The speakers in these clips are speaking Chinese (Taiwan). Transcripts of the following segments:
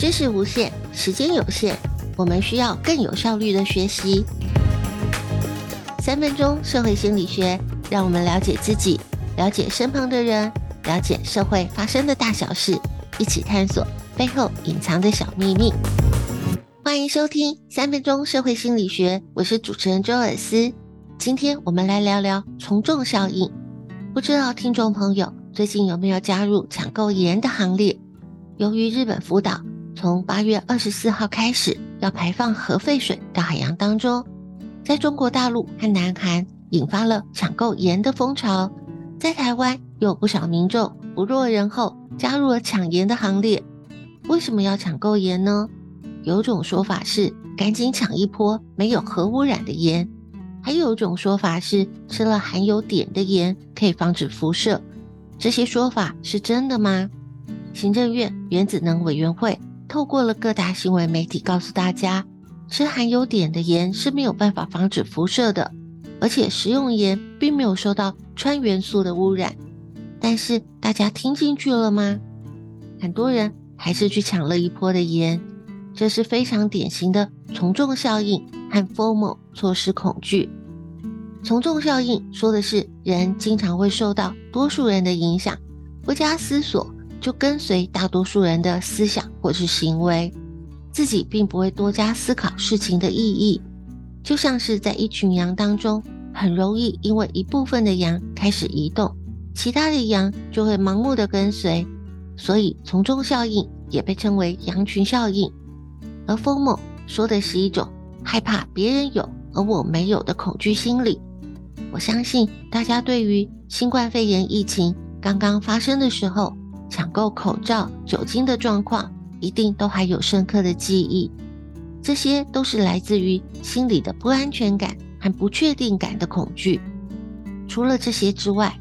知識無限，時間有限，我們需要更有效率的學習。三分鐘社會心理學，讓我們了解自己，了解身旁的人，了解社會發生的大小事，一起探索背後隱藏的小秘密。歡迎收聽三分鐘社會心理學，我是主持人周爾思。今天我們來聊聊從眾效應。不知道聽眾朋友最近有沒有加入搶購鹽的行列？由於日本福島。從八月二十四號開始，要排放核廢水到海洋當中，在中國大陸和南韓引發了搶購鹽的風潮，在台灣有不少民眾不落人後，加入了搶鹽的行列。為什麼要搶購鹽呢？有種說法是趕緊搶一波沒有核污染的鹽，還有一種說法是吃了含有碘的鹽可以防止輻射。這些說法是真的嗎？行政院原子能委員會。透過了各大新聞媒體告訴大家，吃含有碘的鹽是沒有辦法防止輻射的，而且食用鹽並沒有受到氚元素的污染。但是大家聽進去了嗎？很多人還是去搶了一波的鹽，這是非常典型的從眾效應和 FOMO 錯失恐懼。從眾效應說的是人經常會受到多數人的影響，不加思索就跟隨大多數人的思想或是行為，自己並不會多加思考事情的意義。就像是在一群羊當中，很容易因為一部分的羊開始移動，其他的羊就會盲目的跟隨。所以從眾效應也被稱為羊群效應。而 FOMO 說的是一種害怕別人有而我沒有的恐懼心理。我相信大家對於新冠肺炎疫情剛剛發生的時候。搶購口罩、酒精的狀況，一定都還有深刻的記憶。這些都是來自於心理的不安全感和不確定感的恐懼。除了這些之外，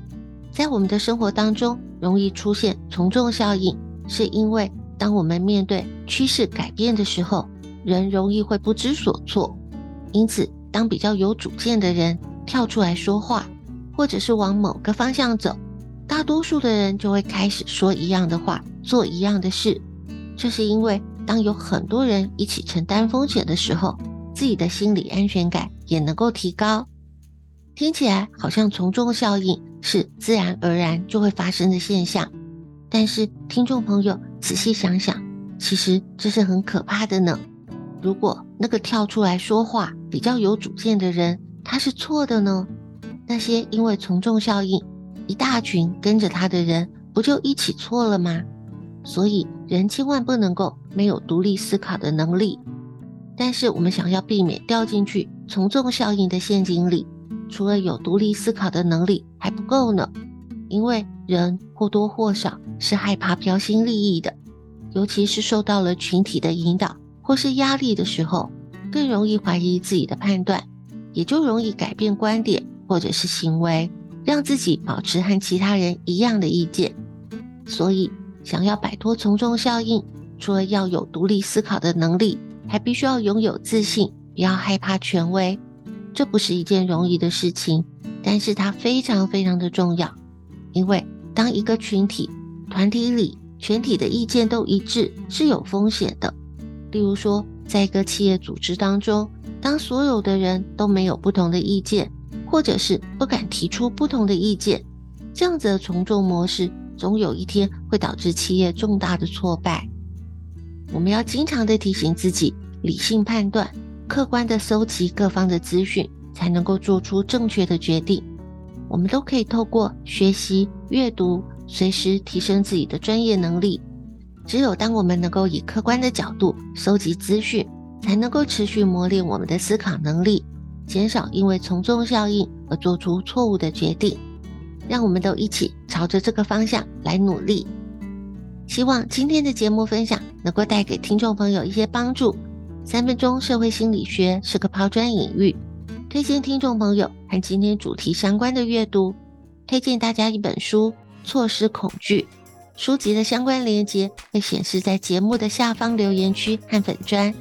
在我們的生活當中，容易出現從眾效應，是因為當我們面對趨勢改變的時候，人容易會不知所措。因此，當比較有主見的人跳出來說話，或者是往某個方向走，大多數的人就會開始說一樣的話，做一樣的事，這是因為當有很多人一起承擔風險的時候，自己的心理安全感也能夠提高。聽起來好像從眾效應是自然而然就會發生的現象，但是聽眾朋友仔細想想，其實這是很可怕的呢。如果那個跳出來說話比較有主見的人，他是錯的呢？那些因為從眾效應。一大群跟着他的人，不就一起錯了嗎？所以，人千萬不能夠沒有獨立思考的能力。但是，我們想要避免掉進去從眾效應的陷阱裡，除了有獨立思考的能力還不夠呢。因為人或多或少是害怕標新立異的，尤其是受到了群體的引導或是壓力的時候，更容易懷疑自己的判斷，也就容易改變觀點或者是行為。讓自己保持和其他人一樣的意見，所以想要擺脫從眾效應，除了要有獨立思考的能力，還必須要擁有自信，不要害怕權威。這不是一件容易的事情，但是它非常非常的重要，因為當一個群體、團體裡全體的意見都一致，是有風險的。例如說，在一個企業組織當中，當所有的人都沒有不同的意見。或者是不敢提出不同的意見，這樣子的從眾模式，總有一天會導致企業重大的挫敗。我們要經常的提醒自己，理性判斷，客觀的蒐集各方的資訊，才能夠做出正確的決定。我們都可以透過學習、閱讀，隨時提升自己的專業能力。只有當我們能夠以客觀的角度蒐集資訊，才能夠持續磨練我們的思考能力。減少因為從眾效應而做出錯誤的決定，讓我們都一起朝着這個方向來努力。希望今天的節目分享能夠帶給聽眾朋友一些幫助。三分鐘社會心理學是個拋磚引玉，推薦聽眾朋友看今天主題相關的閱讀，推薦大家一本書《錯失恐懼》。書籍的相關鏈接會顯示在節目的下方留言區和粉專。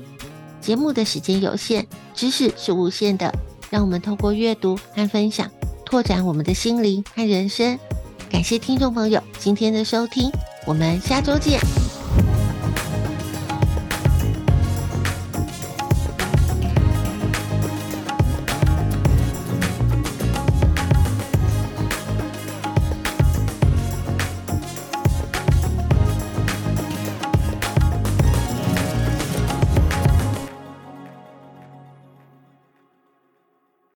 節目的時間有限，知識是無限的，讓我們透過閱讀和分享，拓展我們的心靈和人生。感謝聽眾朋友今天的收聽，我們下周見。